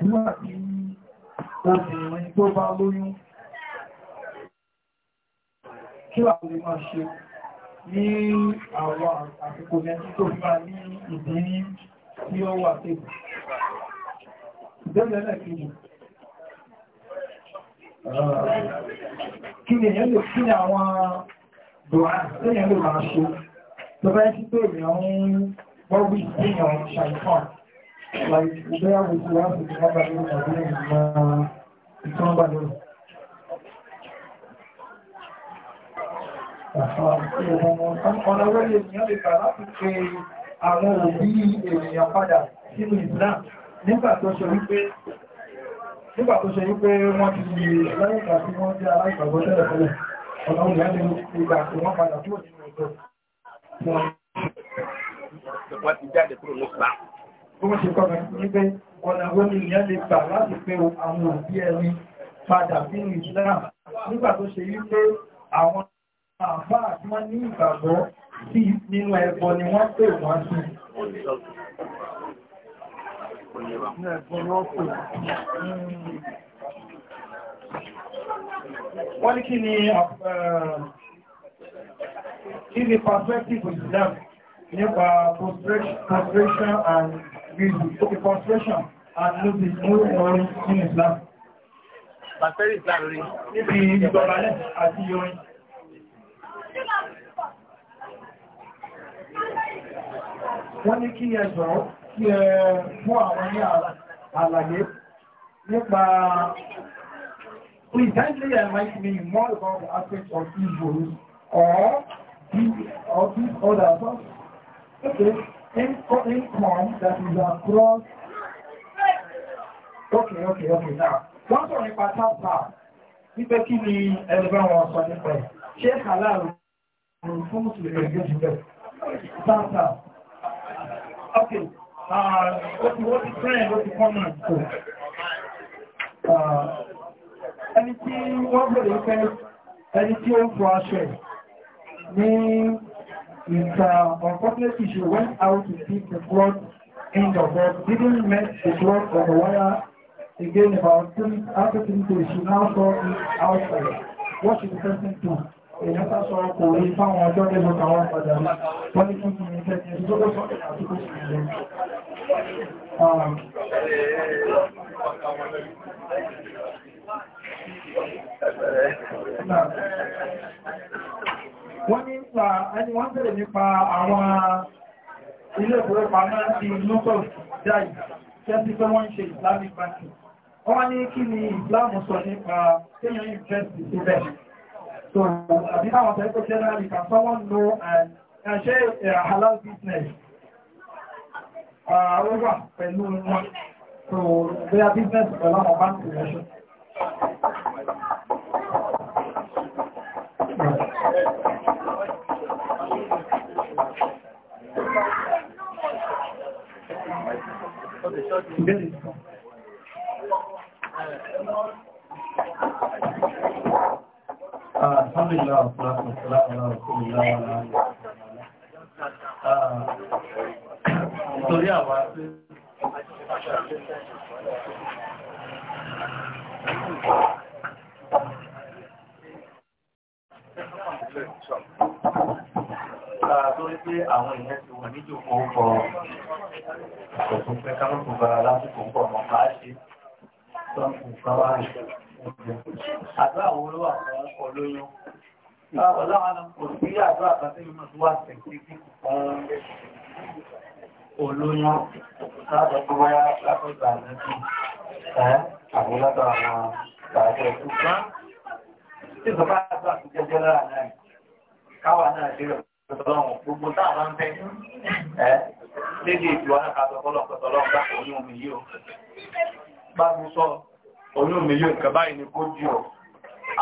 nígbà tí obìnrin tó bá lóyún kí wà lè máa ṣe ní àwọn àsìkò mẹ́sí tó bá ní ìdíní tí ó wà tẹ́bù ìbẹ̀rẹ̀ kìí kí ni èyàn lè kí ni àwọn dùn àti tó bá ẹ́ sí pé èyàn like where would you have to have a look at it uh, it's not bad ọ̀nà orí ènìyàn lè kà láti pe àwọn òbí ènìyàn padà sínú Islam nígbà tó ṣe wípé wọ́n ti lẹ́yìn tàbí wọ́n jẹ́ aláìgbàgbọ́ tẹ́lẹ̀ tẹ́lẹ̀ ọ̀nà orí ènìyàn lè gbà tí wọ́n padà kúrò nínú tó wọ́n ṣe kọ́nà wípé ọ̀nà wo ni ìyẹn lè gbà láti pé àwọn òbí ẹni padà sínú Islam nígbà tó ṣe wípé àwọn àfáà tí wọ́n ní ìgbàgbọ́ sí nínú ẹbọ ni wọ́n pè wọ́n sí wọ́n ní kí ni eh, kí ni perspective Islam nípa prostration and reason, took a frustration and ló ti mú ọrún nínú Islam. Bàtẹ́rì Islam rí. Níbi Wọ́n ní kí ẹ kí ẹ mú àwọn ní àlàyé nípa Presently, I might more about the aspects of evil or these or these other. Okay income that is across. Okay, okay, okay. Now, wọ́n sọ̀rọ̀ nípa tápà wípé If ni ẹlẹ́gbẹ́ wọn wants to play, check kàlá rẹ̀ fún Mùsùlùmí ẹgbẹ́ jù bẹ̀? Tápà. Okay, uh, ó ti wọ́n ti What's ló ti kọ́mọ̀ tó. Uh, ẹni tí wọ́n Anything pé ẹni tí ó ń fọ aṣọ ní it uh, unfortunately she went out to pick the flood angel, but didn't met the flood on the wire again about three, after three days. She now saw it outside. What should the person do? Ìyẹ́ta sọ ọkùnrin fáwọn ọjọ́ lẹ́nu àwọn padà wọ́n ní fún ìrìn tẹ́kì ẹ̀sùn tó lọ́sọ́ àtúkò sí ìlú. Náà, wọ́n ní pa ẹni wọ́n bẹ̀rẹ̀ nípa àwọn ilé ìfowópamọ́ ti lókọ̀ dáì kẹ́sí pé wọ́n ń ṣe islamic banking wọ́n ní kí ni islam sọ nípa kéyàn interest sí bẹ́ẹ̀ so àbí àwọn tẹ́kọ̀ generally can someone know and share a halal business àwọ́wà pẹ̀lú wọn so their business pẹ̀lú àwọn bank relation Thank you. Alhamdulillah, àwọn ìyẹn ti wọ̀ ní kó kọ pọ̀ fún pé káwọn kò bára lásìkò ń pọ̀ mọ́ máa ṣe tán kò bára rẹ̀. Àdúrà wo ló wà fún olóyún? Báwo láwọn kò sí àdúrà kan tí mímọ̀ tó wà tẹ̀síkì fún olóyún láti tó bá látọ̀ ìgbà lẹ́sìn ẹ́ àwọn látọ̀ àwọn ìgbàjọ́ ṣùgbọ́n tí ìjọba àdúrà tó jẹ́ jẹ́ náà káwa náà ṣe rẹ̀ gbogbo táwọn ń fẹ́ ẹ́ lédè ìjọ àkàtọ̀ ọlọ́pọ̀tọ̀lọ́ bá oyún omi yíò bá mú sọ oyún omi yíò nǹkan báyìí ni kó jù ọ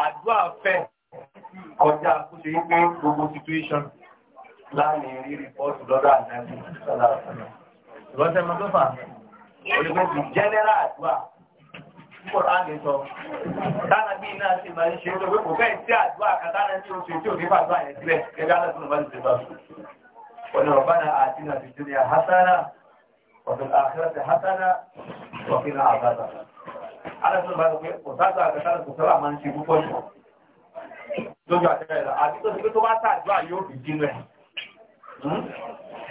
àdúrà fẹ́ kọjá kó ṣe pé gbogbo situation láàrin rí rìpọ́ọ̀tù lọ́dọ̀ àdájú sọ́dọ̀ àtàlà ìrọ́sẹ̀ mọ́ tó fà olùkọ́ ti general àdúrà kóra lè sọ dáná bí iná ṣe máa ń ṣe é lọ pé kò fẹ́ sí àdúrà kan dáná tí o ṣe tí ò ní fàdúrà yẹn ربنا آتنا في الدنيا حسنة وفي الآخرة حسنة وقنا عذاب النار على سبيل المثال وصلت على كتاب ما نشيبه كله lójú àtẹ́rẹ́ rẹ̀ àti tó ti pé tó bá tàdúrà yóò fi jínú ẹ̀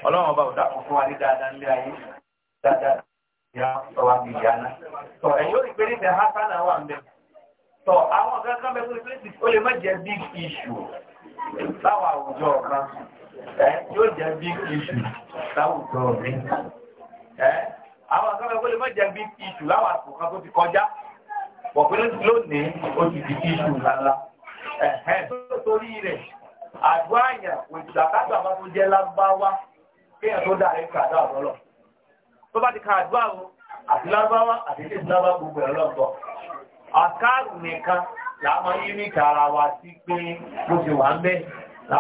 ọlọ́run ọba òdà fún wa ní dáadáa ní ayé dáadáa ìyá ọwà bí ìyá tọ ẹ̀yìn ó rí pé hásánà wà ń bẹ̀ tọ àwọn bẹ́ẹ̀ tó ti pé yóò jẹ́ big issue láwùjọ rẹ̀. àwọn akẹ́kọ̀ọ́ lè má jẹ́ big issue láwọn tó ti kọjá pọ̀pẹ́ lónìí ó ti di issue lálá. torí rẹ̀ àgọ́ àyàn òjìdàkátà bá tó jẹ́ lágbáwá kéèyàn tó dà rẹ̀ kàdá ọ̀rọ̀ tó bá ti ka àdúrà o àti lágbáwá àti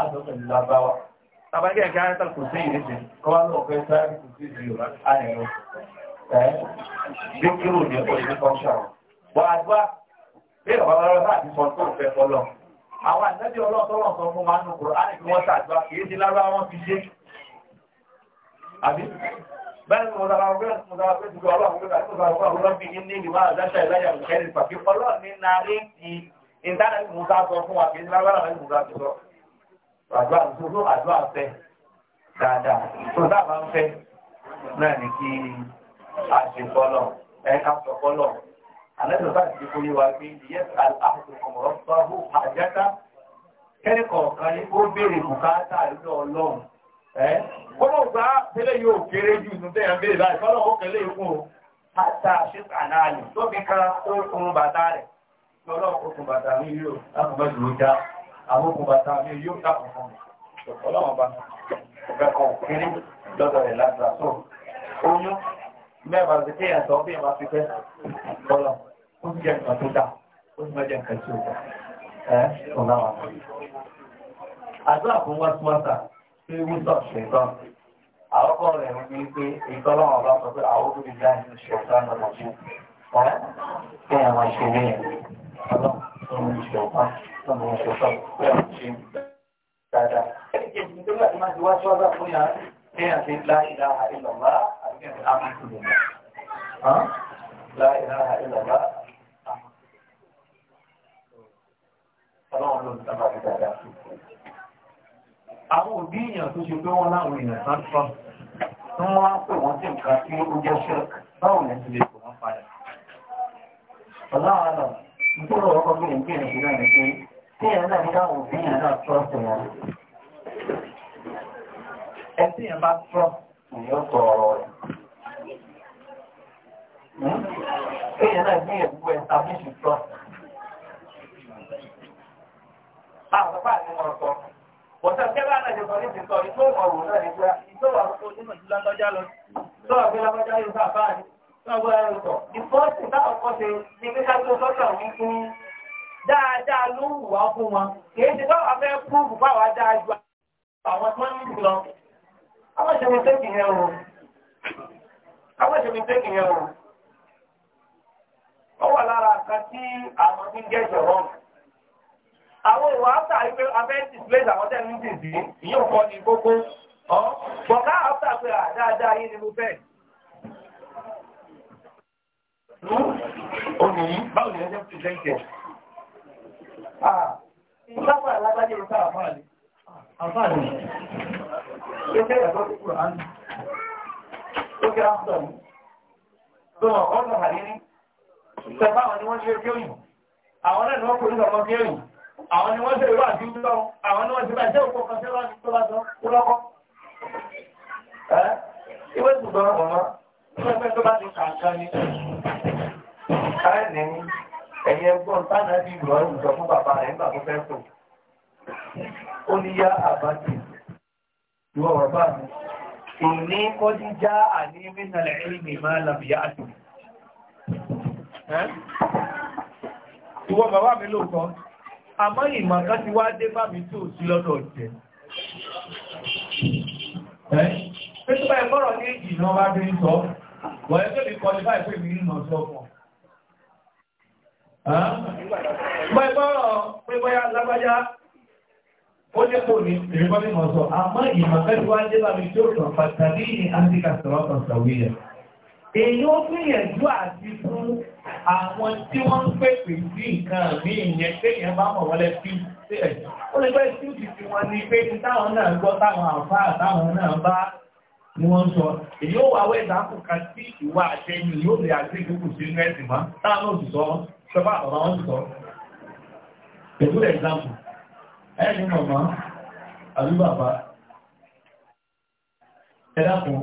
gbogbo nìkan tàbí ẹ̀kẹ́ àrẹ́tà kò sí ìrìnṣẹ́ kọwà lọ fẹ́ sáré kò sí ìrìnṣẹ́ ààrẹ ẹ̀ bí kí rò ní ẹ̀kọ́ ìdí kan ṣàrọ̀ bọ́ àdúrà bí ọ̀bá lọ́rọ̀ náà ti sọ tó fẹ́ fọlọ́ àwọn àtẹ́bí ọlọ́tọ́lọ́ sọ fún wa nùkúrò á ní kí wọ́n ṣàdúrà kì í ti lára wọn fi ṣe àbí bẹ́ẹ̀ ni mo dára bẹ́ẹ̀ ni mo dára bẹ́ẹ̀ ti fi ọlọ́run gbé àti mo dára fún àwọn ọlọ́bí yìí ní ìgbìmọ̀ àdáṣà ìlàyà ní narí ti ìdáná àdúrà gbogbo àdúrà fẹ́ dáadáa tó dábàá ń fẹ́ náà ní kí a ṣe fọlọ́ ẹ ká sọ fọlọ́ àlejò bá ti kó yíwa pé yes àkókò ọ̀rọ̀ sọ́hù àjẹta kẹ́ni kọ̀ọ̀kan ni ó béèrè bùkátà lọ́dọ̀ ọlọ́run ẹ́ gbọ́dọ̀ gbá tẹ́lẹ̀ yóò kéré jù nù tẹ́yàn béèrè láì fọ́lọ́ ó kẹ́lẹ́ ikú àtà ṣíṣà náà ni tó fi kan ó kun bàtà rẹ̀ lọ́dọ̀ ó kun bàtà mi yóò láti bá jù ú já àwọn ọkùn bàtà mi yóò dàpọ̀ fún mi ọlọ́wọ́n bá ọ̀fẹ́ kan kéré lọ́dọ̀ rẹ̀ lágbà tó oyún mẹ́wàá ti tẹ́yà sọ bí ẹ̀ma fi fẹ́ kọ́lọ̀ ó ti jẹ́ nǹkan tó dà ó ti máa jẹ́ nǹkan tó dà ẹ́ ọ̀nà wà. àdúrà fún wáṣíwáṣà pé wúṣọ̀ ṣẹ̀tàn àkọ́kọ́ rẹ̀ ń bí pé ìtọ́lọ́wọ́n bá sọ pé àwọn obìnrin yá ni ṣẹ̀tàn lọ́mọdé ẹ́ kí ẹ̀ máa ṣe ní ẹ̀ ọlọ́run tó ń ṣẹ̀tàn sọ̀rọ̀ ọ̀sọ̀ sọ̀rọ̀ pé àwọn ṣe ń dáadáa. ẹni kejì nígbà tí máa ti wá síwájú àfún yàrá kéèyàn ti la ìlàhà ìlọ̀lá àti kéèyàn á máa ti lè mọ̀. la ìlàhà ìlọ̀lá ọlọ́run ló ń sábà ti dáadáa. àwọn òbí èèyàn tó ṣe pé wọ́n láwọn èèyàn sá tọ́ tí wọ́n á pè wọ́n sí nǹkan tí ó jẹ́ ṣẹ́ẹ̀kì báwo ni lè pè wọ́n padà. ọ̀la àlọ́ nítorí ọ̀rọ̀ kan bí nǹkan ìṣẹ̀lẹ̀ ní pé tí èèyàn hmm? náà ní káwọn òbí èèyàn náà trust èèyàn. ẹ tí èèyàn bá àwọn ọ̀pá àti wọn sọ Bọ̀tá kẹ́lá náà ṣe ní ìsìnkọ́ ní tó ọ̀rọ̀ náà ní pé ìtọ́wà tó nínú ìlú lágbájá lọ. Tọ́wà dáadáa ló ń wà fún wọn kìí ṣe báwa fẹ́ púrúfù báwa dáa ju àwọn tó ń lọ. àwọn ìṣẹ̀mí tẹ́kì yẹn o àwọn ìṣẹ̀mí tẹ́kì yẹn o ó wà lára nǹkan tí àwọn ti ń jẹ́ ìṣòro àwọn ìwà áfà ìpè abẹ́ displace àwọn tẹ́lẹ̀ ní tìǹtì ìyóò kọ́ ní kókó bọ̀ká áfà pé àdáadáa yìí ni mo fẹ́ hmm? ó nìyí báwo ni ẹ ṣe ń ìṣàpá alágbájẹ́ ló sára fáàlì àfáàlì ló fẹ́ ẹ̀kọ́ tó kúrò ánì ó kẹ́ áfúdà mú tó wọ́n kọ́ sọ hàrí ní sẹ́fà àwọn ni wọ́n ṣe kí òyìn àwọn náà ni wọ́n polú sọmọ kí òyìn àwọn ni wọ́n ṣe ìwà àti ìjọ àwọn ni wọ́n ṣe bàjẹ́ òkú kan sẹ́wà ní tó bá sọ ó lọ́kọ́ ìwé ẹ̀yẹ gbọ́n tánà bí ìrọ̀rùn jọ fún bàbá rẹ̀ nígbà tó fẹ́ sùn ó ní yá àbájì ìwọ bàbá mi kò ní kó ní já àní mínàlẹ̀ ìlmi máa làbí yá àjò ìwọ bàbá mi lóòótọ́ àmọ́ ìmọ̀ kan ti wá dé bá mi tí sí lọ́dọ̀ jẹ́ pé tó bá ẹgbọ́rọ̀ ní ìjì bá fi sọ wọ̀nyẹ́ tó lè kọ́ ní báyìí pé mi ń nà sọ́kàn Gbẹ́gbọ́rọ̀ pẹ́gbọ́yá lágbájá, ó ní kò ní ìrìnkọ́ ní mọ̀ sọ, àmọ́ ìmọ̀kẹ́lú wá dé lábi tí ó kàn pàtàkì ní Antica Sọ̀rọ̀tọ̀ Sàwíyà. Èyí ó gbìyànjú àti fún àwọn tí wọ́n ń pèpè sí nǹkan mí ìyẹn pé èèyàn bá mọ̀ wọlé sí ẹ̀. Ó lè gbẹ́ sí òtì tí wọ́n ní pé ní táwọn náà gbọ́ táwọn àfáà táwọn náà bá ni wọ́n sọ. Èyí ó wà wẹ́ ìdáàbò kan sí ìwà àtẹ̀yìn yóò lè àgbẹ̀ ìdókòsí nẹ́ẹ̀sì mọ́ táwọn náà sì sọ ṣọba àbàbà wọn sọ a good example ẹni mọ̀mọ́ àbí bàbá ẹ̀dá kan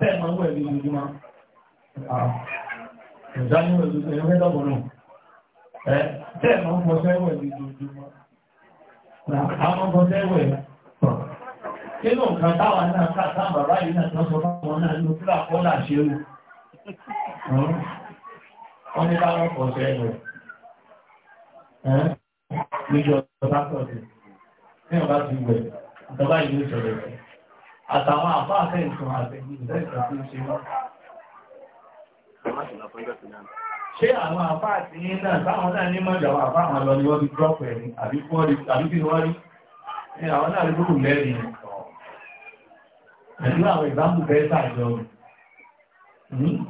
bẹ́ẹ̀ máa ń wẹ̀ ní ojúmọ́ ìdájú ẹ̀yọ́ mẹ́dọ̀bọ̀ náà ẹ̀ bẹ́ẹ̀ máa ń fọṣẹ́ wẹ̀ ní ojúmọ́ àwọn fọṣẹ́ wẹ̀ nínú nǹkan táwa náà kà sáà bàbá yìí náà tán sọ fáwọn náà ló kílà kọ́là ṣe é wọ́n ṣé àwọn yín náà táwọn náà ní lọ wọ́n ti àbí kí wọ́n rí ní àwọn náà rí àwọn ìbámu bẹ́ẹ̀ rẹ̀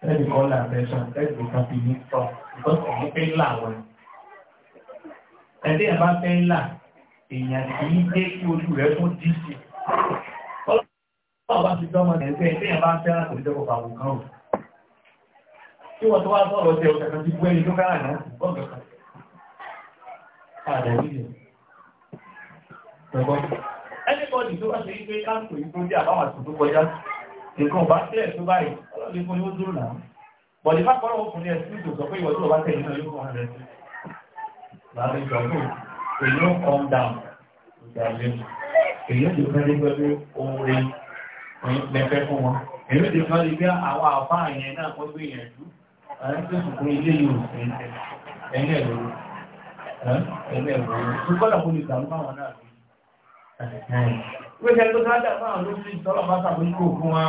ẹnì kan là tẹ̀sán ẹnì kan fi ní tọ̀ ìtọ́sí ní pé ńlá wọn. ẹ̀dẹ́ ẹ̀ bá fẹ́ ńlá èèyàn kì í dé kí ojú rẹ̀ tún dí sí i. ọlọ́run bá ti dánmọ́ ẹ̀ pé ẹ̀dẹ́ ẹ̀ bá fẹ́ láti ìjọba àwọn kan o. tí wọ́n tó wá sọ̀rọ̀ tẹ ọ̀sẹ̀ kan ti gbé ẹni tó kára náà gbọ́dọ̀ kan. ẹnì kan ní tó bá ṣe ń gbé káàkiri tó dé àbáwọn àtúntò kọjá sí nǹkan bá tẹ́lẹ̀ tó báyìí ọlọ́dún fún yóò dúró náà bọ̀dé bá kọ́ lọ́wọ́ fún ní ẹ̀sìn ìdò sọ pé ìwọ̀n tó bá tẹ̀lé náà yóò hàn rẹ̀ láàrin ìjọ̀gbọ́n èyí ó calm down ìdàlẹ́ èyí ó ti fẹ́ lé pẹ̀lú ohun rẹ̀ lẹ́fẹ́ fún wọn èyí ó ti fẹ́ lé pé àwọn àbá yẹn náà wọ́n gbé yẹn jù àwọn tó sì fún ilé yóò ẹ̀rọ ẹ̀yìn wíṣẹ tó sáájà fún àwọn olóṣèlú tọrọ bá tàbí kó fún wa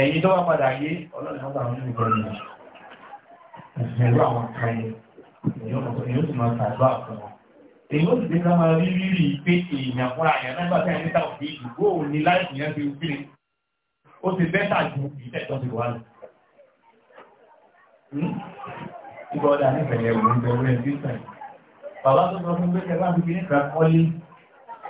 ẹ̀yin tó wá padà yé Ọlọ́run bá tàbí kó fún wa ẹ̀rọ àwọn káyẹ èyí ó sì máa tàbí àfún wa èyí ó sì ti sá máa rí rírì pé èèyàn fúnra yẹn nígbà tí ẹni tá òfin ìdìbò òní láìpẹ́ yẹn fi wípé ó ti bẹ́tà ju ìtẹ̀tọ́ ti wà lọ hmm? ìgbọ́dà nífẹ̀ẹ́ yẹn wò ń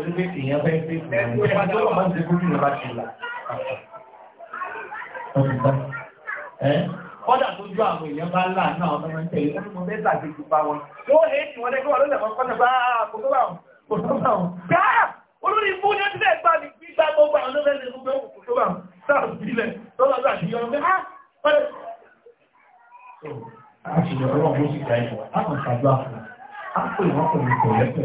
onígbé èèyàn fẹ́ pé ìgbà tó wà máa ń ṣe kúrò nígbà tí ìlà kọ́dà tó jú àwọn èèyàn bá là náà ọmọ ẹgbẹ́ tẹ̀lé wọ́n ní mo fẹ́ tàbí ju bá wọn tó hé tí wọ́n lẹ́gbẹ́ wọn ló lẹ́gbẹ́ kọ́nà bá àkókò bá wọn kò tó bá wọn gáà olórí fún ní ọdún ẹgbà mi gbígbà gbogbo àwọn ló fẹ́ẹ́ gbogbo kò tó bá wọn sáà sílẹ̀ tó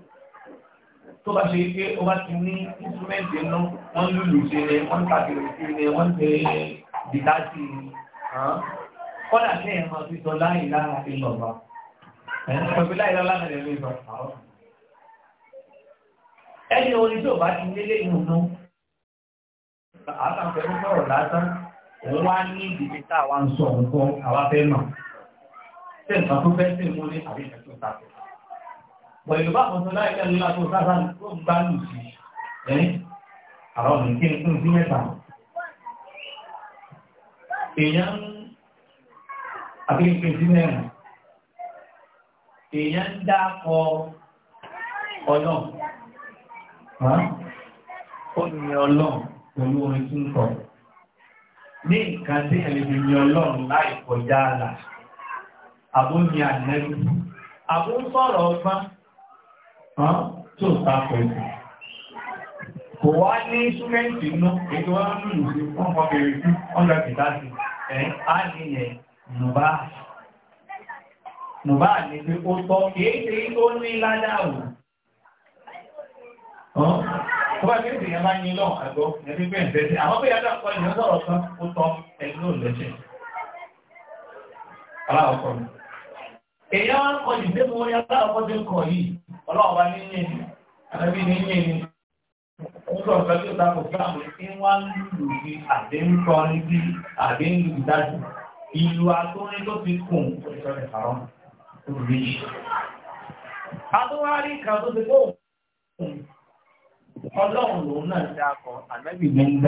tó bá ṣe pé ó bá ti ní instrumenti inú wọ́n lùlù ṣe rẹ̀ wọ́n kàkiri sí rẹ̀ wọ́n ṣe dìtá sí i kọ́dà kí ẹ̀ máa fi sọ láì lára fi lọ bá ẹ̀ẹ́dẹ́gbẹ́ láì lọ lára rẹ̀ lè lọ ẹni orin tí ò bá ti nílé ìrùnú àtàfẹ́ ń sọ̀rọ̀ lásán òun wá ní ìdíje tá a wá ń sọ nǹkan àwa fẹ́ náà tẹ̀sán tó fẹ́ sí mú ní àbíṣẹ́ tó pẹ̀lú bá kọ̀ọ̀tún láìpẹ́ ńlá tó sáfà tó gbá lù sí ẹ́ àwọn ọ̀nà kí n tún sí mẹ́ta. èèyàn àbíkẹ́ sí mẹ́rin èèyàn ń dákọ ọlọ́ ó yin ọlọ́run pẹ̀lú orin tí ń kọ ní nǹkan tí ẹ̀lẹ́bí yin ọlọ́run láì kọjá àlà àbóyin ànẹ́bí àbó ń sọ̀rọ̀ kan tó ta pẹ̀lú. Kò wá ní ṣúmẹ́ǹtì inú, èdè wọ́n lùlù sí wọ́n kọ́ bẹ̀rẹ̀ sí ọjọ́ kìtàsì, ẹ̀ á ní yẹn nùbá. Nùbá ní pé ó tọ́ kìí ṣe ó ní ládáwò. Tó bá kéèké yẹn bá yín lọ́wọ́ àgọ́, yẹn ti gbé ǹfẹ́ sí, àwọn bóyá dàpọ̀ ìyẹn sọ̀rọ̀ kan ó tọ́ ẹni ló lẹ́sẹ̀. Aláwọ̀ kọ́ mi. Èèyàn ọlọ́run bá ní yìn ní àbẹ́bí ní yìn ní ọjọ́ ìfẹ́ tí ó kò fún àwọn tí wọ́n ń lù sí ìlú ti kùn ìṣẹ̀lẹ̀ àwọn òbí. Adúwárí kan tó ti ọlọ́run lòun náà ní ń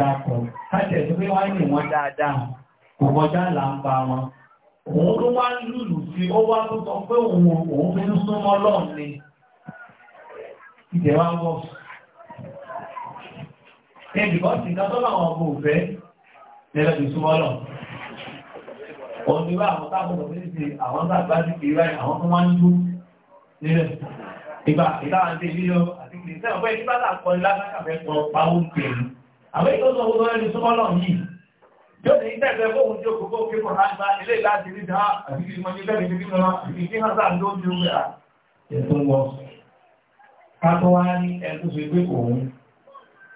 káṣẹ̀ tó fi wáyé dáadáa kò kọjá wọn. Òun ló wá lùlù sí ó ìjẹ́ wá ń wọ̀. Ẹbí kan sì ká tọ́lá àwọn ọmọ òfẹ́ lẹ́lẹ́ fi súnmọ́ lọ. Òun ni wá àwọn táwọn ọmọ méjì àwọn bá gbá sí kiri báyìí àwọn tó máa ń dún nílẹ̀. Ìgbà ìlànà ti ilé yọ àti kiri sẹ́wọ̀n pé nígbà tá a kọ ilá lákàfẹ́ pọ̀ pawó kiri. Àwọn èyí tó sọ owó lọ́rẹ́ fi súnmọ́ lọ yìí. Yóò ní ìtẹ̀fẹ́ fóun tí òkú fóun kékeré rán gba ilé ìlà àti ìdíjà àti kiri mọ́ ní ìtẹ̀fẹ́ kékeré rán àti kiri hàn sáà ń dó kátó wá ní ẹkú ṣe pé òun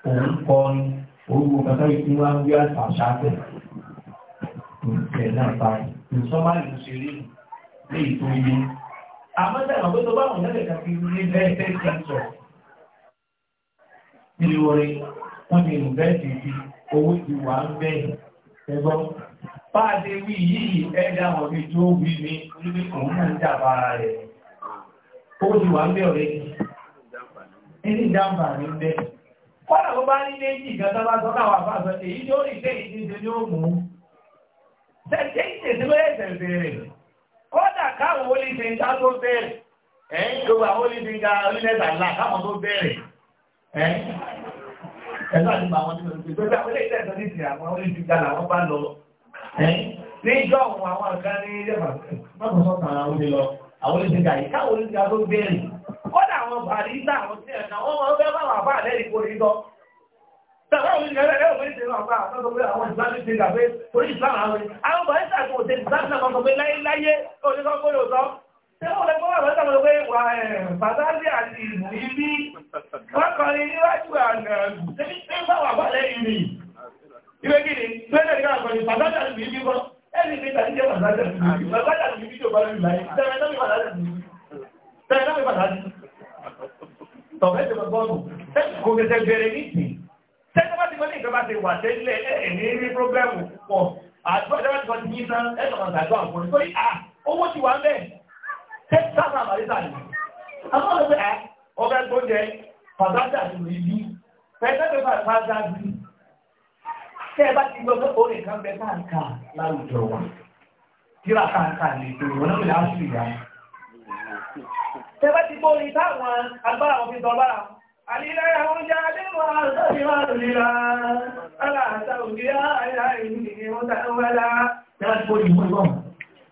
òun kọ ni orúkọ kátó yìí tí wọ́n ń gbé àṣà ṣáàbẹ̀ ìṣẹ̀ náà báyìí ìṣọ́mà lè ṣe rí lè tó yé àmọ́ sẹ́yìn àwọn tó bá wọn lẹ́sẹ̀ kan fi ní bẹ́ẹ̀ bẹ́ẹ̀ ti sọ nílùú orin wọ́n ti rìn bẹ́ẹ̀ ti fi owó ti wà ń bẹ́ẹ̀ ẹgbọ́n bá wí yìí ẹ̀dá àwọn ibi tó wí mi níbi òun náà ń dàbára rẹ̀ owó ti wà ń bẹ́ẹ̀ ọ̀rẹ́ yìí. nínú ìjàmbá ní bẹ́ kọ́nà tó bá ní méjì gẹ́gẹ́ bá tọ́ káwà sọ èyí rí ni ó mú tẹ̀sẹ̀ ìṣèṣe bẹ́ẹ̀ bẹ̀rẹ̀ kọ́nà káwọn olè tó bẹ̀rẹ̀ ẹ̀yìn tó wà olè ti orílẹ̀-èdè àlá káwọn tó bẹ̀rẹ̀ àríyíta àwọn tí ẹ̀nà wọ́n máa ń fẹ́ bá wà bá àlẹ́ ìkó rí lọ. Tẹ̀wọ́n mi ní ẹ̀rẹ́ òun ìṣẹ̀lẹ̀ àgbà àtọ́sọ pé àwọn ìsìlámi ti gbà pé orí ìsìlámi àwọn ìsìlámi. Àwọn bàbá ìsìlámi kò tẹ ìsìlámi náà sọ pé láyé oníkọ́ gbọ́dọ̀ sọ. Tẹ̀wọ́n lẹ gbọ́ bàbá ìsìlámi sọ pé wà bàbáàbí àti ìlú ibi wọ́n kọ́ ní níwájú àná ṣẹ́bí ṣé bá wà bá lẹ́yìn mi. Ìwé kìíní, ìwé náà ní ká àkọ́ni bàbáàbí àti ìlú ibi kọ́. Ẹni mi tàbí jẹ́ bàbáàbí àti ìlú ibi. Bàbáàbí àti ìlú ibi tọ̀fẹ́ ti mọ bọ́ọ̀lù kò tẹ̀sẹ̀ bẹ̀rẹ̀ nìtì sẹ́ni bá ti mọ́ ní ìjọba ti wà tẹ́lẹ̀ ẹ̀ ní rí pírọ́blẹ́mù pọ̀ àdúrà ìjọba ti kọ́ ti yín tán ẹ̀ lọ́kàn tàbí àwọn ọ̀pọ̀ nítorí à owó ti wà ń bẹ̀ tẹ́ sábà màlẹ́ tàbí. àwọn ọ̀pẹ à ọbẹ̀ tó jẹ fàdájà ti rí bí fẹ́ẹ́fẹ́ fàdájà bí tẹ́ ẹ bá ti gbọ́ pé orin kan bẹ káàkà láwùjọ wa kíra káàkà lè tó ìwọ náà tẹ́bá ti gbó ní táwọn agbára wọn fi dọ̀bára àlìlára wọn já nínú àtọ́sí wọn lera aláàtà òbí àìlá ìlú ní wọn tàwẹ́lá tẹ́bá ti gbó ní ìwọ̀n náà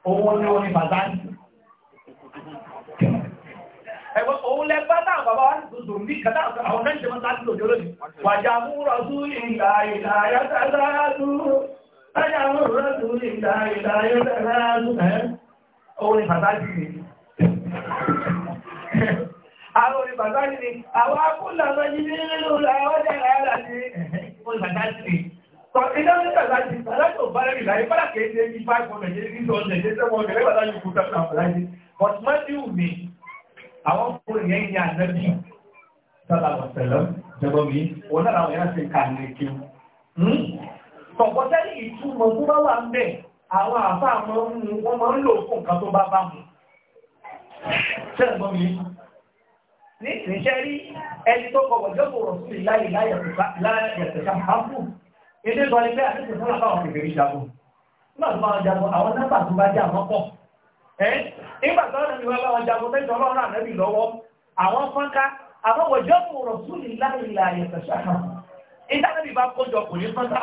owó ní wọn ni bàbá ní ẹgbẹ́ òun lẹ bá táwọn bàbá wá sí tòun ní kàtà àwọn náà ṣe mọ́ta nílò jọ lónìí wàjà múrọ̀ tú ìlà ìlà yàtàlá tú wàjà múrọ̀ tú òun ni bàbá bàtàlì àwọn akúlànà yìí nínú àwọn jẹ́rẹ̀ ara But Matthew ni àwọn kúrò yẹn ní ànábì sábà ọ̀sẹ̀lọ́ jẹ́gbọ́ mi wọn náà àwọn yẹn ṣe kà ní kí wọ́n. Hmm? Sọ̀kọ́tẹ́lì ìtumọ̀ tó bá wà ń bẹ̀ àwọn àfáà lò fún nǹkan tó bá bá mu. Ṣé ẹ̀gbọ́n mi? ní ìṣẹ́ rí ẹni tó kọ̀ wọ̀jọ́bù rọ̀sùn láyé láyé ẹ̀sẹ̀ká hàbù ilé sọ ni pé àtúntò fún ọlọ́pàá àwọn kèfèrí jagun nígbà tó máa jagun àwọn nọ́mbà tó bá jẹ́ àwọn pọ̀ ẹ́ nígbà tó ọ̀nà ìwé bá wọn jagun tẹ́jọ́ ọlọ́run ànábì lọ́wọ́ àwọn fọ́nká àwọn wọ̀jọ́bù rọ̀sùn láyé láyé ẹ̀sẹ̀ká hàbù ìdánilẹ́bí bá kójọ kò ní fọ́nká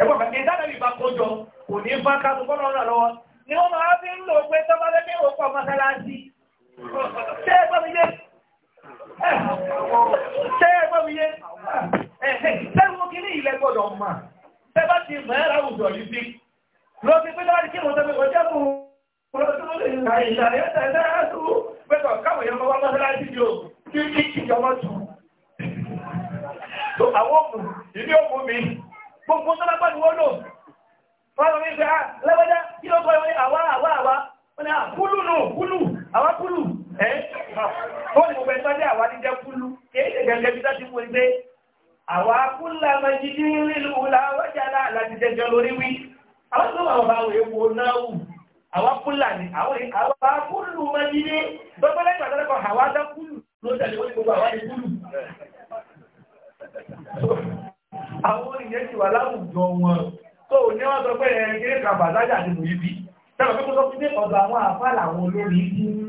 ẹgbọ́n ìdánilẹ́bí wọ́n máa fi ń lò pé tọ́ba òkú ọmọ ṣé ẹgbẹ́ mi yé ẹ̀ẹ́dẹ́gbọ́n kí ní ilẹ̀ gbọ́dọ̀ mà ṣé bá ti mọ̀ ẹ́ láwùjọ yìí sí lọ́sí pé láti kí mo tẹ́ pé kò jẹ́ fún un lọ́sí ló lè ra ìlànà ẹ̀ta ẹ̀ta ẹ̀tù pẹ́tọ̀ káwọn èèyàn wá mọ́sálásí ni o kí kí kí ọmọ tù. tó àwọn òkú ìdí òkú mi gbogbo tó lápá ni wọ́n lò wọ́n lọ mí pé ah lẹ́wọ́dá kí ló gbọ́ ìwé àwa àwa àwa wọ́n ní à ah, kúlù nù kúlù àwa kúlù ẹ́ ó ní gbogbo ẹ̀tọ́ dé àwa ní jẹ́kúlú kéé ṣe gẹ́gẹ́ bí sáti wọ́n gbé àwa kúlà máa jí ní lílu la wájà náà láti jẹjọ lórí wí àwọn tó wà bá wọ epo náà wù àwa kúlà ní àwa kúlù máa jí ní gbogbo lẹ́yìn àtàlẹ́kọ̀ọ́ àwa dá kúlù ló tẹ̀lé ó ní gbogbo àwa ní kúlù àwọn ìyẹn ti wà láwùjọ wọn tó ní wọ́n sọ pé ẹ̀rìn kéré kan bàtájà nínú ibi tẹ́lọ̀ pé kó sọ fún pé ọ̀dọ̀ àwọn àfáà làwọn olórin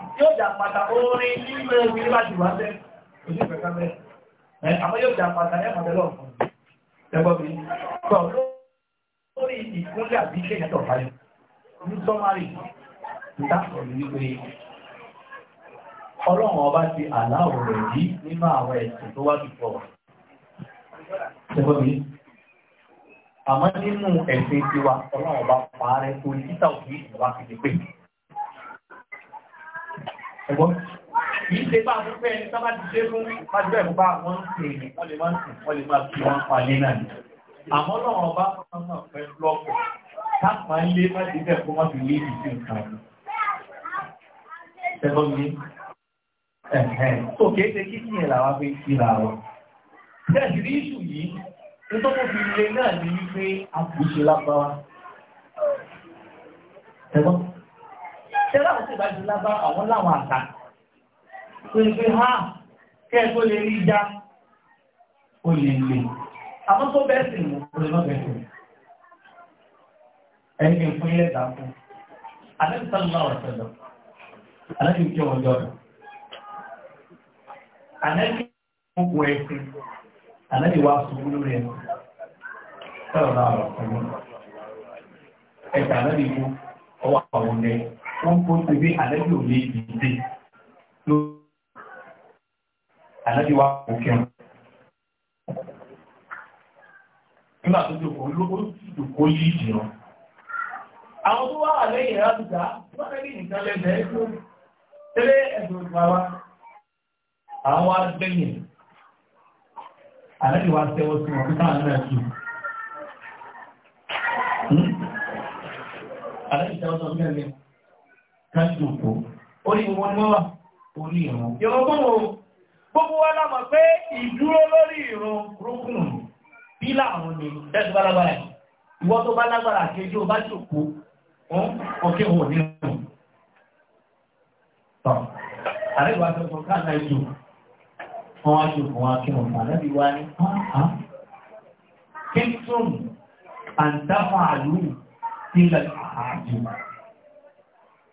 yóò jà pàtà orin nígbà obìnrin bá jù wá bẹ́ ojú ìfẹ́ kábẹ́ àmọ́ yóò jà pàtà ẹ̀ màbẹ́ lọ fún mi ẹgbọ́n mi sọ lórí ìkúnlẹ̀ àbí kéèyàn tó parí ní sọ́márì níta sọ̀rọ̀ wípé ọlọ́run ọba ti àláwọ̀ rẹ̀ yìí nínú àwọn ẹ̀sìn tó wá dùn pọ̀ ẹgbọ́n mi àmọ́ nínú ẹ̀sìn tiwa ọlọ́run ọba pààrẹ orí títà òfin ìjọba fi ti pè ẹ̀gbọ́n kìí ṣe bá fún pé ẹni tó bá ti ṣe fún pàjọ ẹ̀kọ́ bá wọ́n ń pè ní wọ́n lè máa ń sìn wọ́n lè máa fi wọ́n pa lé náà ni àmọ́ lọ́wọ́ ọba fún ọmọ ọ̀fẹ́ lọ́pọ̀ táàpá ń lé má dìbẹ̀ kó má fi lé ìdí sí nǹkan rẹ̀ ẹ̀gbọ́n mi ẹ̀hẹ́n tó kìí ṣe kí kí ẹ̀ làwa fi kíra wa bẹ́ẹ̀ sì rí ìṣù yìí nítorí fi lé náà ni wípé a kì ṣe lápá wa ẹ̀gbọ́n ṣẹlá àwọn tí ìbájú lábá àwọn láwọn àṣà tó ń pè ha kẹ́ẹ̀ tó lè rí já ó lè lè àmọ́ tó bẹ́ẹ̀ sì mú ó lè má bẹ́ẹ̀ sì ẹni kì í fún ilé ìta fún alẹ́ sọ́lá ọ̀sẹ̀ lọ alẹ́ kì í kí ọjọ́ rẹ̀ alẹ́ kì í fún òkú ẹ̀sìn ọwọ́ àwọn ọ̀dẹ́ wọ́n kó ṣe bí àlẹ́bí ò lè dìde ló àlẹ́bí wa kò kẹrùn. nígbà tó jòkó ló jòkó yí ìjìnà. àwọn tó wà lẹ́yìn rẹ̀ wọ́n fẹ́ ní nìkan lẹ́sẹ̀ tó tẹ́lẹ̀ ẹ̀sùn ìgbà wa. àwọn agbẹ́yìn àlẹ́bí wa tẹ́wọ́ sí wọn kíkà náà kí. Hmm? àlẹ́bí tẹ́wọ́ sọ bí ẹ̀lẹ́yìn kájòkó orí wọn ni wọ́n wà orí ìrun ìrun gbọ́nà gbogbo wa la mọ̀ pé ìdúró lórí ìrun rúkùn pílà àwọn ni bẹ́ẹ̀ bálábàrà ìwọ tó bá lágbára àti ojú bá jòkó ọkẹ́ òun ní ọ̀run tọ́ àríwá tó kọ káàkiri jù wọ́n wá jù fún wa kí wọ́n ní pàápàá kí tún àǹtáfà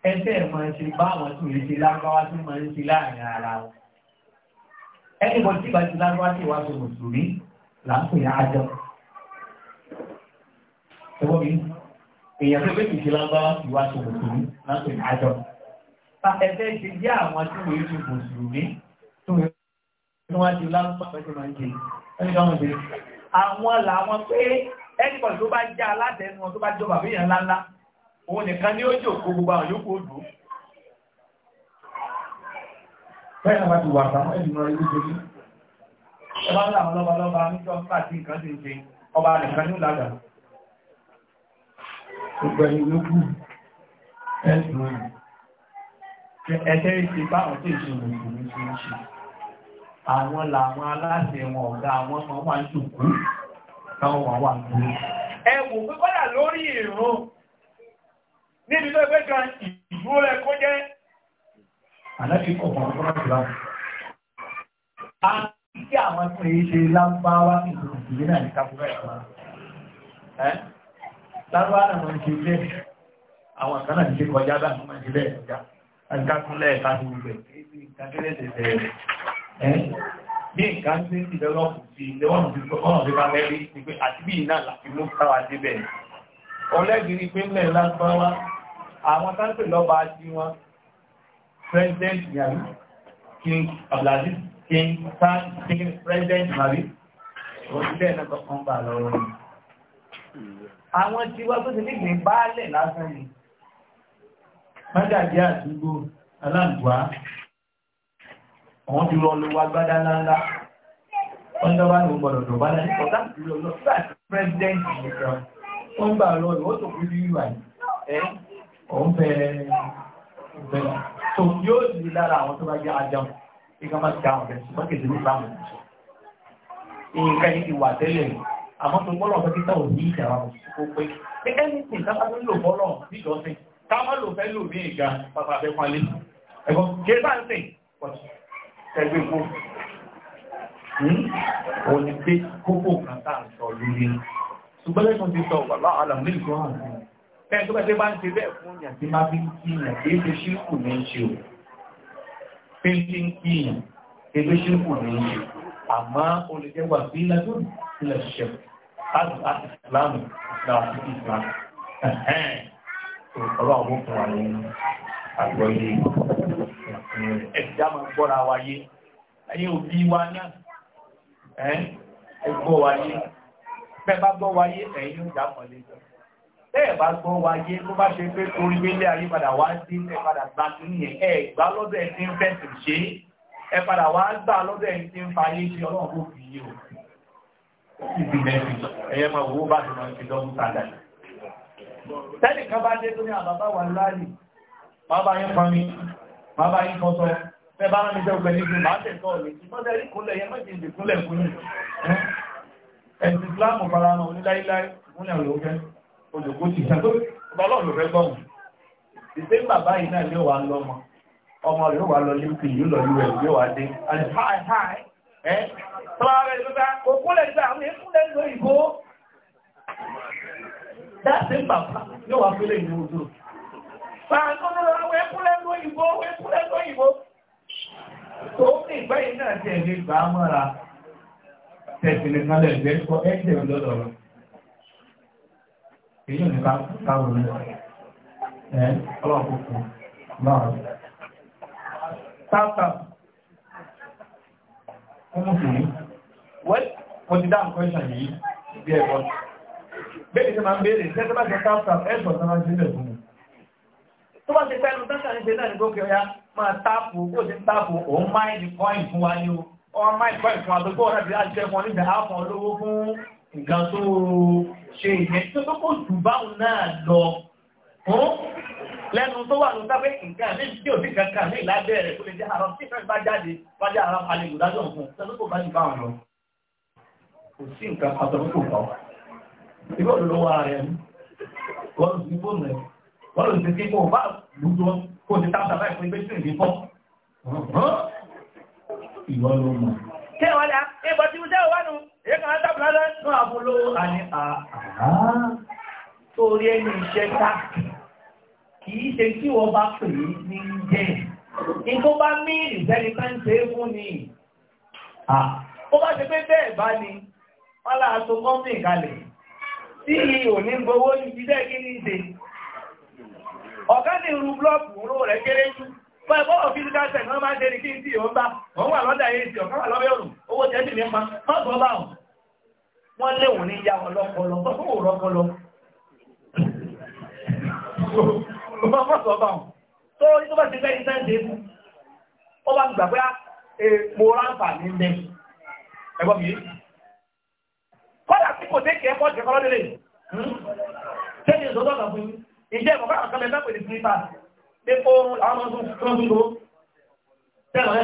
ẹsẹ̀ máa ń ṣe báwọn tí èyí ṣe lágbáwá tí máa ń ṣe láàrin ara wọn. ẹni bọ́ tí ìbá ti lágbáwá tí ìwáṣọ mùsùlùmí là ń pè ní àjọ. ẹgbọ́n mi èèyàn tó bẹ́ẹ̀ ṣe lágbáwá tí ìwáṣọ mùsùlùmí là ń pè ní àjọ. ta ẹsẹ̀ ṣe jẹ́ àwọn tí wọ́n ṣe mùsùlùmí tó wọ́n ti lágbáwá tí máa ń ṣe. ẹni tó wọ́n òun nìkan ni ó jòkó gbogbo àwọn yòókù odò bẹ́ẹ̀ náà ti wà àtàwọn ènìyàn ilé jẹ́lú ẹbá ń láwọn lọ́ba lọ́ba níjọ́ pàtí nǹkan ti ń ṣe ọba nìkan ní ìlàjà gbogbo ẹni lókù ẹ̀sùn rẹ̀ ẹ̀tẹ́ ìṣe báwọn tí ìṣe òmìnir ṣe ń ṣe àwọn làwọn aláṣẹ wọn ọ̀gá àwọn ọmọ wà ń ṣòkú táwọn wà wà ń gbé ẹ̀wò pípọ́dà lórí ìrún níbi tó ẹgbẹ́ kan ìdúró ẹ̀kọ́ jẹ́ aláṣíkọ̀ pàápàá Àti àwọn tó èyí ṣe lágbàáwá ní ìlú náà ní kàbúrẹ́ ìwà. Lágbàá náà wọ́n ṣe jẹ́ àwọn ìkànnà ti ṣe kọjá bá àwọn ọmọdé bẹ́ẹ̀ kọjá. Àìkákúnlẹ̀ ẹ̀ká ti gbogbo ẹ̀. Bí nǹkan tí ń dẹ̀lọ́pù sí lẹ́wọ̀n ti kọ́kọ́rọ̀ sí bá mẹ́rí ni pé àti bí ìná láti mú káwà débẹ̀. Ọlẹ́gbìrì pé mẹ́rin lágbàáwá àwọn táńpì lọ́ba tí wọ́n president yàrí king abdulaziz king tan king president yàrí òṣìṣẹ́ ẹ̀nà kọ̀ọ̀kan bà lọ́wọ́ ni àwọn tí wọ́n tó ti ní ìgbìn báálẹ̀ lásán ni mágàjẹ́ àdúgbò aláǹgbá àwọn jùlọ ló wá gbádá ńláńlá wọ́n dọ́wà ní gbọ́dọ̀ tó bá láti ọ̀dá ìlú ọlọ́pàá president nìkan ó ń gbà lọ́rùn ó tó kú ní ìwà yìí òun fẹ́ bẹ́ẹ̀ tó yóò di lára àwọn tó bá jẹ́ ajá mu kí ká má ga ọ̀rẹ́ ṣùgbọ́n kìí ní ìbámu sọ nǹkan yìí ti wà tẹ́lẹ̀ àmọ́ tó gbọ́dọ̀ fẹ́ kíkà ò ní ìjà wa kò pé ní anything ká bá tó lò bọ́lọ̀ níjọ́sìn ká má lò fẹ́ lò ní ìga pàpà fẹ́ pálí ẹ̀kọ́ kí bá ń sìn pọ̀jù ẹgbẹ́ kó òun hmm? ni pé kókó kan tá à ń sọ lórí ṣùgbọ́n lẹ́nu ti sọ wà láàlà mílíọ̀nù bẹ́ẹ̀ tó bẹ́ẹ̀ bá ń ṣe bẹ́ẹ̀ fún ìyàn tí má bí ń kíyàn kìí ṣe ṣírùkù o fi ń fi ń kíyàn kìí ṣe ṣírùkù ní o lè jẹ́ wà sí ilẹ̀ tó ilẹ̀ ṣiṣẹ́ láti láti ìsìlámù láti sí ìsìlámù ọlọ́run ló fún wa ní àgbọ̀ ilé ẹ̀dá máa gbọ́ra gbọ́ wa yé bẹ́ẹ̀ bẹ́ẹ̀ bá gbọ́ wa yé tó bá ṣe pé orí gbélé ayé padà wá sí ẹ padà gba kínní yẹn ẹ gbá lọ́dọ̀ ẹ ti ń fẹ̀sì ṣe ẹ padà wá gbà lọ́dọ̀ ẹ ti ń fa ayé ṣe ọlọ́run kò fi yé o ìbí mẹ́fì ẹ̀yẹ máa wò ó bá ti máa fi lọ́gùn padà. tẹ́lẹ̀ kan bá dé tó ní àbábá wa láàyè máa bá yín pọn mi máa bá yín pọn sọ ẹ bá rán mi sẹ́wọ́n pẹ̀lú ìgbìmọ̀ máa tẹ̀ sọ́ọ̀ mi mọ́tẹ́ rí kúnlẹ̀ yẹn mọ́tẹ́ ìdè kúnlẹ̀ kúnlẹ̀ ẹ̀sìn Islam olùkú ti sàn tó bọ́lọ́ọ̀lù rẹ gbọ́n ìsẹ́ bàbá yìí náà yóò wá lọ́mọ ọmọ rẹ̀ yóò wá lọ lókè yóò lọ lórí ẹ̀ yóò wá dé Dáṣe bàbá yóò wá fílẹ̀ ìlú òjò. Pàákọ́lọ́rọ̀ àwọn ẹkúnlẹ̀ lóyìnbó, ẹkúnlẹ̀ lóyìnbó. Tó ní ìgbẹ́ yìí náà tẹ̀lé gbàmọ́ra tẹ̀sìlẹ̀ kan lẹ̀ èyí ní káwọn ní ẹ ọlọ́pùpù náà tààtà ọmọ fìrí wọ́n ti dá nǹkan ìṣàn yìí bí ẹ̀kọ́ bẹ́ẹ̀ tí ma ń béèrè tẹ́tẹ́ bá ṣe tààtà ẹ̀ṣọ̀ tán máa ń sílẹ̀ fún mi tó bá ṣe tẹ́lu tààtà ní ṣe náà ní gbókè ọya máa táàpù ó ti táàpù òun máìlì kọ́ìn fún wa ní o ọmọ máìlì kọ́ìn fún wa tó gbọ́ ọ̀rẹ́ bí a jẹ́ fún ọ nǹkan tó ṣe ìyẹn tó tó kó jù báwọn náà lọ fún lẹ́nu tó wà ló sábẹ́ nǹkan ní tí òbí kankan ní ìlàbẹ́ rẹ̀ tó lè jẹ́ àrọ́ tí ìfẹ́ bá jáde bá jẹ́ àrọ́ palẹ̀ ìgbòdájọ́ fún un tó tó bá jù báwọn lọ kò sí nǹkan pàtó tó kọ̀ ìgbà òdòdó wa rẹ̀ wọ́n lò sí fóònù rẹ̀ wọ́n lò sí kíkó bá lùdọ́ kó ti tá sábà ìpín pé sí ìdí fọ́ ìwọ ló mọ̀. kí ẹ wọ́n dá ẹ bọ́ tí mo jẹ́ òwánú ẹ̀kàn látàbílálẹ́ fún àbúlówó àní àà torí ẹni iṣẹ́ ká kìí ṣe tí wọ́n bá pè é ní jẹ́ ikú ni ó bá ṣe pé bẹ́ẹ̀ bá ní wọ́n láàtò kọ́mpì kalẹ̀ tí ò e ní gbowó ìṣiṣẹ́ kí ní ṣe ọ̀gá ní irú blọ́ọ̀kù ró rẹ̀ kéré jù fún ẹgbọ́ ọ̀fíìsíkà tẹ̀ ní wọ́n máa ń ṣe ní kí n tí ò ń bá òun wà lọ́dà yéèdì ọ̀gá wà lọ́wọ́ ọ̀rùn owó wọ́n léwùn ní ya ọlọ́pọlọ tó fún òrọ́pọlọ tó ní tó bá ti fẹ́ iṣẹ́ ìdè fún ó bá gbà pé ah, e, mo ráǹfà ní ilẹ̀ ẹgbọ́n mi kọ́dà tí kò tẹ́kẹ̀ẹ́ pọ́ jẹ́ kọ́lọ́ lélẹ̀ tẹ́lẹ̀ ìṣòtọ́ ọ̀nà fún ìjẹ́ ìmọ̀ bá àkàlẹ̀ ẹgbẹ́ pẹ̀lú sílípà pé oorun àwọn ọmọ tó ń tó tẹ́lẹ̀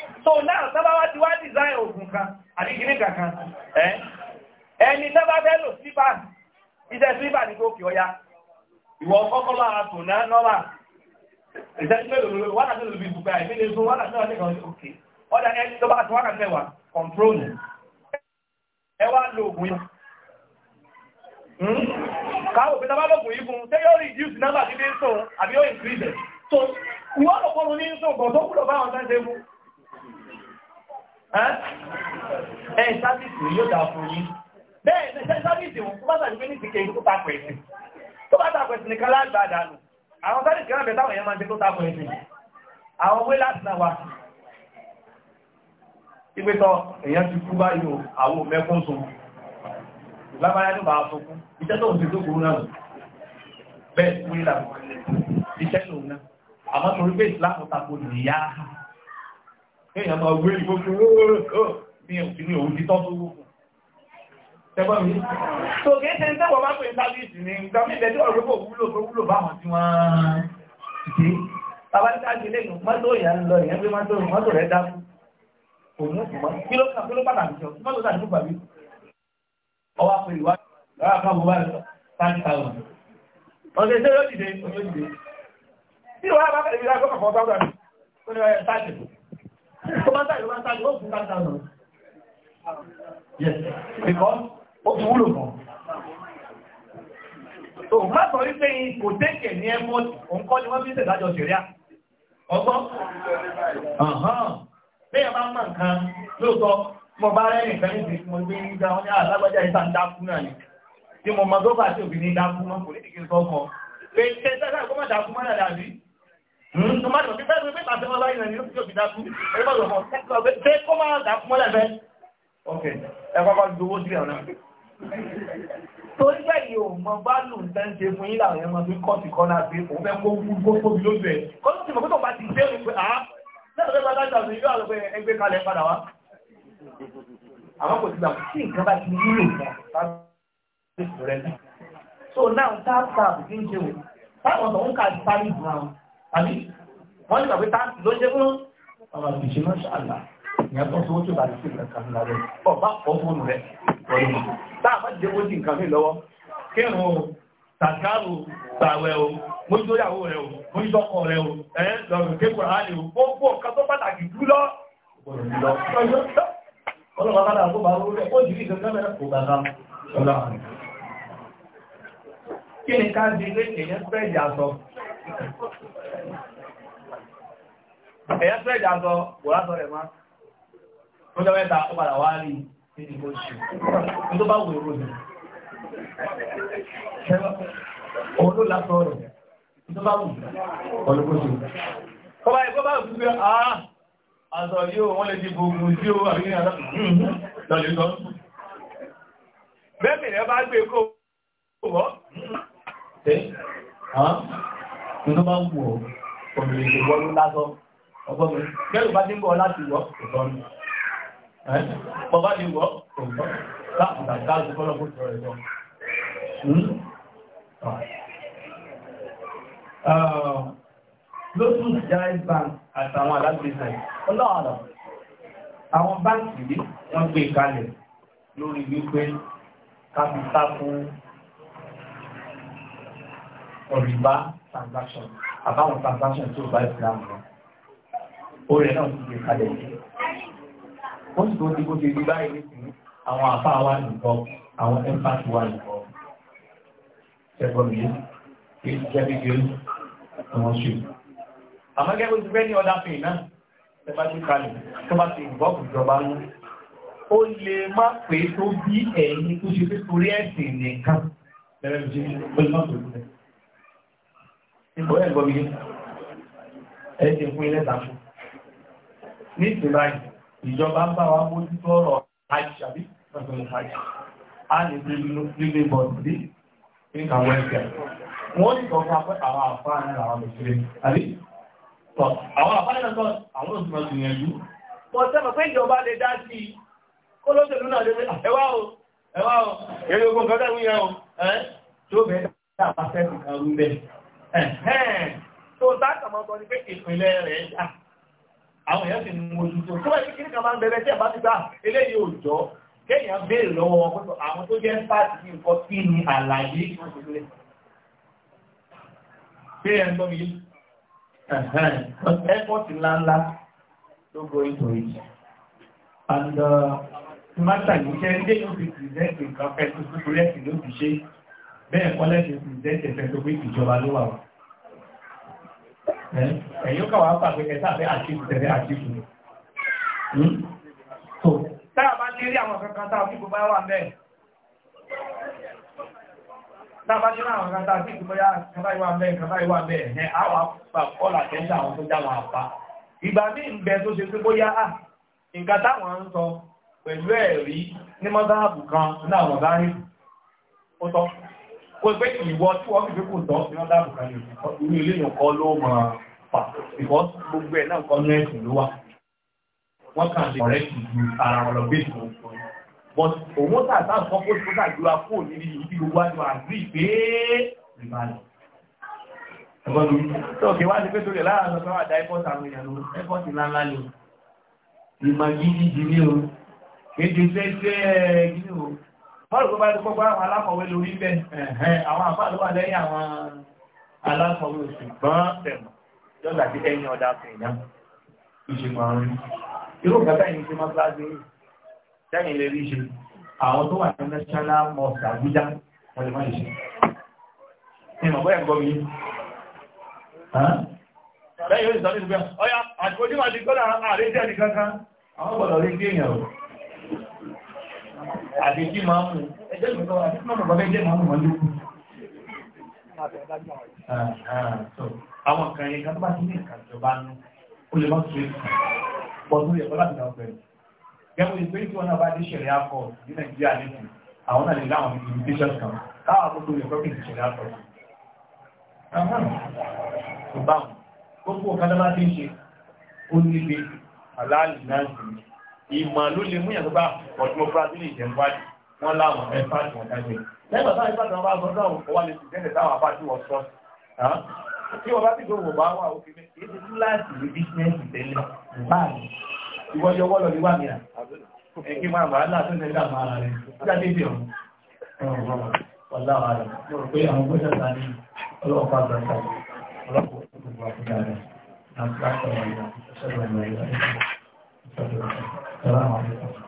so now sábà wá ti wá design oògùn kan àbí kìíní kankan ẹni sábà fẹ́ lò síbà iṣẹ́ síbà ní ọya ìwọ kọ́kọ́ máa tò náà nọ́mà ìṣẹ́jú mélòó lórí wákàtí lórí ìbùkún àìsí lè fún wákàtí náà nìkan òkè ẹni tó bá ti wákàtí mẹ́wàá control yìí pé yìí fún ti dé àbí increase it so ìwọ́n ẹ̀yìn sáfíìsì yóò dà fún yín bẹ́ẹ̀ ẹ̀yìn sáfíìsì wọn tó bá sàrí pé ní ti kẹ́yìn tó tako ẹ̀sìn tó bá tako ẹ̀sìn nìkan lágbàá dànù àwọn sáfíìsì kan bẹ̀ táwọn èèyàn máa ń ṣe tó tako ẹ̀sìn àwọn wé láti náà wá ìgbétọ̀ èèyàn ti kú o àwọn mẹ́kún sun lábáyá ló bá a fọkún iṣẹ́ tó ń ṣe tó kúrú náà bẹ́ẹ̀ kúrú náà iṣẹ́ tó ń ná àmọ́ kéèyàn máa wé ní gbogbo ní òkú ní òun títọ́ tó wọ́n tẹ́gbọ́n mi tó kéé tẹ́ tẹ́wọ̀ bá pè sábìsì ní gbàmílẹ̀ tí ọ̀rọ̀ pọ̀ wúlò tó wúlò báwọn tí wọ́n ti tabalítàjì lẹ́nu mọ́tò ìyà ń lọ ìyẹn pé mọ́tò rẹ̀ dákú òun kò mọ́ kí ló kà kí ló pàtàkì jọ kí mọ́tò tàbí gbàgbé ọwọ́ àpò ìwà lọ́wọ́ àkàbọ̀ bá lọ five thousand ọ̀sẹ̀ ṣé yóò dìde yóò dìde tí tó yes because ó fún wúlò kan tó má sọ wípé kò tẹ́kẹ̀ ní ẹmọ́ òǹkọ́ ni wọ́n fi ń tẹ̀dájọ́ sẹ̀ríà ọgbọ́n bẹ́ẹ̀ bá mọ̀ nǹkan lóòótọ́ mo bá rẹ́ nìkan ní gbé ní ah, ìjà ní alágbájá ìta ń Tòmátò bí bẹ́ẹ̀ bí tàbí ọlá ìrìn àìyàn yóò fi dákú, ẹgbẹ́ bá lọ́wọ́, ṣé kó máa dákú mọ́lẹ̀ bẹ́ẹ̀? Ok, ẹ kọ́kọ́ gbowó sí ọ̀nà. Torí bẹ́ẹ̀ yìí ò mọ bá lù ń tẹ́ ń ṣe fún yín láàrin ọmọ tó kọ́ sí kọ́nà pé òun fẹ́ kó wú kó tóbi lójú ẹ̀. Kọ́ ló ti mọ̀ pé tòun bá ti dé òun pé àá, lẹ́tọ̀ọ́ pé bá dájú àti yóò àlọ́ pé ẹgbẹ́ kalẹ̀ padà wá. Àwọn kò ti gbà sí nǹkan bá àbí wọ́n ní tàbí táǹkì ló ṣe fún ọmọ ìṣe náà ṣàlà ìyẹn tó ń sọ ojú ìbàdí sí ìgbà kan nílá rẹ̀ ọba pọ̀ fóònù rẹ̀ pẹ̀lú táà bá jẹ́ wọ́n ti nǹkan mi lọ́wọ́ kírun o tàkàrù tàwẹ̀ o mójútóyàwó rẹ̀ o mójútọ́kọ rẹ̀ o ẹ̀ lọ́rùn kékùrà á lè o gbogbo ọ̀kan tó pàtàkì jù lọ ọlọ́pàá kádà tó bá rúrẹ́ ó jìrì ìgbẹ̀gbẹ̀ mẹ́rẹ̀ kò gbàgbà ọlọ́run kí ni ká di ilé èyẹ fẹ́ ẹ̀yà tó ẹ̀dà sọ wòrá sọ rẹ̀ máa ó jẹ́ mẹ́ta ó padà wá rí níbi kó ṣe ní tó bá wù èrò ni òun ló lásọ rẹ̀ ní tó bá wù ọ̀lọ́gbó ṣe kọ́ bá bá wù pé àá àzọ̀ yóò wọ́n lè di gbogbo sí ó àbí ní àdá hmm, lọ́lẹ̀ sọ bẹ́ẹ̀ bá gbé kó wọ́ hmm, tó bá wù ọ́ òmìnir ìṣèwọ́ ló lásán ọgbọ́n mi bẹ́ẹ̀ bá ti ń bọ̀ láti wọ́ ọ̀tọ́ ni bọ́ bá ti wọ́ ọ̀tọ́ láti tàbí láti fọ́lọ́ fún ìṣòro ẹ̀tọ́ hmm? lóṣùn giant bank àtàwọn alágbèsè ọlọ́ọ̀lọ́ àwọn báńkì yìí wọ́n gbé kalẹ̀ lórí wípé kápítà fún ọ̀rìbá transaction àbáwọn transaction tó bá islam lọ orí ẹ̀ náà ti gbé kalẹ̀ yìí wọ́n sì tó ti bó ti rí báyìí nísìnyí àwọn àfa wa nìkan àwọn empathy wa nìkan ṣẹ́gbọ́n mi kì í jẹ́ ni wọ́n ṣe. àmọ́ gẹ́gẹ́ bó ti fẹ́ ní ọ̀dà pè náà ẹ bá ti kalẹ̀ tó bá ti ìbọ́ọ̀kù ìjọba ń ó lè má pé tó bí ẹ̀yin tó ṣe pé torí ẹ̀sìn nìkan lẹ́rẹ́ mi ṣe lè má pè tó bẹ́ẹ̀ ìbọ̀lẹ́ ìgbọ̀mí ẹ̀yẹ́ ti fún ilẹ̀ ìtàkùn ní ìtìláì ìjọba bá wa mójútó ọ̀rọ̀ àìṣàbí pẹ̀lú àìṣà a lè fi lílé bọ̀dì sí ìkàwọ̀ ẹ̀kẹ́ wọ́n ní kọ̀ọ̀kan pẹ́ àwọn àfáàní àwọn mùsùlùmí àbí àwọn àfáàní lọ́tọ̀ àwọn òṣùmọ̀ ìgbìyànjú wọ́n tẹ́mọ̀ pé ìjọba lè dá sí i kó lóṣèlú náà lè ẹwà o ẹwà o èrè ogun kan tẹ́wìn yẹn o ẹ́ tó bẹ̀ẹ́ tó dákàmọ́ sọ ní pé ìpínlẹ̀ rẹ̀ yá àwọn èèyàn sì mú ojú tó tó ẹni kí ní kan máa ń bẹ̀rẹ̀ tí ẹ̀ bá ti gbà eléyìí ò jọ kéèyàn béèrè lọ́wọ́ pẹ̀lú àwọn tó jẹ́ pàtì ní nǹkan kí ni àlàyé ìpínlẹ̀ pé ẹ̀ ń gbọ́ mi yìí ẹ́pọ̀tì ńláńlá ló gbọ́ ètò yìí and uh, mátà yìí jẹ́ ilé yóò fi pìrìsẹ́ǹtì nǹkan fẹ́ tuntun lẹ́sìn ló fi ṣe bẹ́ẹ̀ kọ́ lẹ́sìn ìdẹ́sẹ̀ fẹ́ tó pé ìjọba ló wà ẹ̀yìn kàwà ń pàgbé ẹ̀sà fẹ́ àṣíkù tẹ̀lé àṣíkù so táà bá ti rí àwọn kankan táà fíkù bá wà mẹ́ táà bá ti rí àwọn kankan táà fíkù bá wà mẹ́ kankan ìwà mẹ́ ẹ̀ àwọn àpapọ̀ kọ́là tẹ́lẹ̀ àwọn tó jáwọn àpá ìgbà ní ìbẹ̀ tó ṣe pé bóyá à nǹkan táwọn ń sọ pẹ̀lú ẹ̀rí kan kó pé ìwọ tí wọ́n fi fíkùn tán ní ọ̀dá àbùkàlẹ̀ inú ilé yàn kọ́ ló mọ̀ fà ìkọ́ gbogbo ẹ̀ náà kọ́ ní ẹ̀sìn ló wà wọ́n kàn lè rẹ̀ kì ju ara wọn lọ bẹ́ẹ̀ tó but òun tàtà sọ pé ó ṣàdúrà kó níbi ìdí gbogbo àjọ àgbì pé ìbàdàn ẹ̀kọ́ lórí tó kí wá sí pé tó lè lára sọ pé wà dá ẹ̀kọ́ sàrò ìyànú ẹ̀kọ́ sí ńláńlá ni ìmọ̀ Bọ́ọ̀lù tó bá ti kọ́kọ́ àwọn alákọ̀wé lórí bẹ́ẹ̀ àwọn àbáàlúwà lẹ́yìn àwọn alákọ̀wé òṣùgbọ́n tẹ̀mọ̀ lọ́gbà tí ẹ̀yìn ọ̀dà fẹ̀yìn náà ìṣe máa ń rí. Irú kàtà yìí ti máa gbáàgbé sẹ́yìn lè rí ṣe. Àwọn tó wà ní National Mosque Abuja wọ́n lè má lè ṣe. Ìmọ̀ bóyá ń gbọ́ mi. Bẹ́ẹ̀ yóò sọ nígbà, ọ̀yà àtìkójú àti gbọ́dọ̀ àrẹ́jẹ́ nìkan kan, àwọn gbọ́dọ̀ àti kí máa mú ẹjẹ́ ìgbẹ́kọ̀ àti kí máa mú bàbá ẹjẹ́ máa mú wọn ah, lókun. Ah, àwọn kan yẹn kan tó bá ti ní ìkà ìjọba nù ó lè má tó èkó pọ̀tún yẹ kọ́lá ìdáwọ̀ pẹ̀lú. gẹ́gẹ́ bí pé tí wọ́n náà bá dé ṣẹ̀rẹ̀ akọ ní nàìjíríà lẹ́sìn àwọn náà lè láwọn invitation kan káwọn àkókò yẹ kọ́kì ṣẹ̀rẹ̀ akọ. kò gbogbo ọ̀kan bá ti ń ṣe ó ní ilé aláàlì náà sì ní ìmọ̀ ló lè mú ìyàtọ̀ bá ọ̀dùnmọ̀ brazil ìjẹ̀mbájì wọ́n láwọn ẹ̀fà tí wọ́n dájú lẹ́gbàá táwọn ìfàtà wọn bá sọ náà wọ́n wá lè sì tẹ́lẹ̀ táwọn apájú wọn sọ tí wọ́n bá ti gbogbo bá wà òkè ní èdè kíláàsì ní bísíǹsì tẹ́lẹ̀ báàlì ìwọ́jọ́ wọ́lọ̀ ní wà mìíràn ẹ̀kí máa bàá náà tó nẹ́gbà máa rẹ̀ jáde bí ọ̀hún wọ́láwàá rẹ̀ lọ́rọ̀ pé àwọn gbọ́dọ̀ ta ní ọlọ́ọ̀pá àgbàkà ọlọ́pàá السلام عليكم